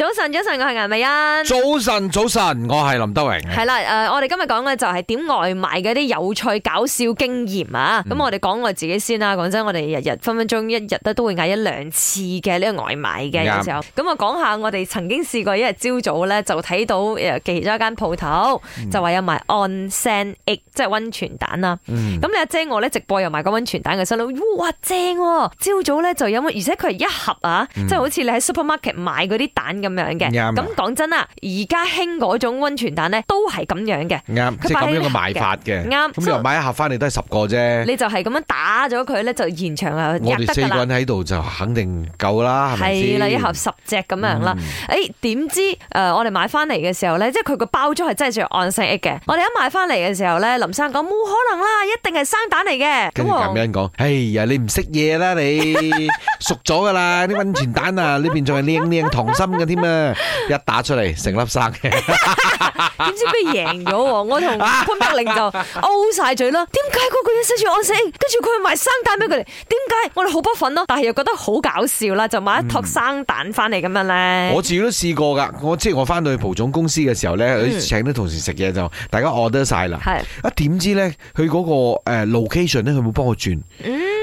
早晨，早晨，我係顏美欣。早晨，早晨，我係林德榮。係啦，誒、呃，我哋今日講嘅就係點外賣嘅啲有趣搞笑經驗啊！咁、嗯、我哋講我自己先啦。講真，我哋日日分分鐘一日都都會嗌一兩次嘅呢個外賣嘅時候，咁啊講下我哋曾經試過一日朝早咧就睇到誒其中一間鋪頭就話有埋 onsen egg，即係溫泉蛋啦、啊。咁、嗯、阿姐我咧直播又賣個溫泉蛋嘅，心裏哇正、啊！朝早咧就有，有，而且佢係一盒啊，嗯、即係好似你喺 supermarket 買啲蛋咁。咁樣嘅，咁講真啦，而家興嗰種温泉蛋咧，都係咁樣嘅。啱，即係咁樣嘅賣法嘅。啱，咁又買一盒翻嚟都係十個啫。你就係咁樣打咗佢咧，就延長啊，壓得啦。我哋四個人喺度就肯定夠啦，係咪先？係啦，一盒十隻咁樣啦。誒，點知誒我哋買翻嚟嘅時候咧，即係佢個包裝係真係做安盛 A 嘅。我哋一買翻嚟嘅時候咧，林生講冇可能啦，一定係生蛋嚟嘅。跟住咁樣講，哎呀，你唔識嘢啦，你熟咗噶啦，啲温泉蛋啊呢邊仲係靚靚溏心嘅添。咩？ 一打出嚟成粒生嘅，點知俾贏咗？我同潘德玲就 O 晒嘴啦。點解嗰個人識住我食？跟住佢買生蛋俾佢哋，點解我哋好不忿咯？但係又覺得好搞笑啦，就買一托生蛋翻嚟咁樣咧。我自己都試過噶，我即係我翻到去蒲總公司嘅時候咧，佢、嗯、請啲同事食嘢就大家 order 晒啦。係是，一點知咧？佢嗰個誒 location 咧，佢冇幫我轉。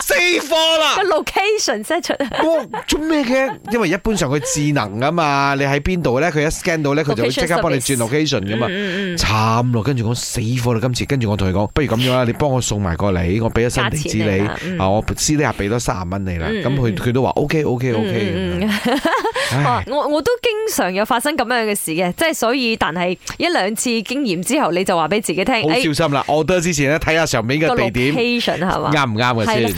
死火啦！個 location search 做咩嘅？因為一般上佢智能啊嘛，你喺邊度咧，佢一 scan 到咧，佢就會即刻幫你轉 location 咁嘛。慘咯、嗯！跟、嗯、住我死火啦今次，跟住我同佢講，不如咁樣啦，你幫我送埋過嚟，我俾咗新地址你，嗯、啊，我私底下俾多三十蚊你啦，咁佢佢都話 ok ok ok，、嗯、唉我我都經常有發生咁樣嘅事嘅，即係所以，但係一兩次經驗之後，你就話俾自己聽，好小心啦。order、哎、之前咧，睇下上面嘅地點啱唔啱嘅先。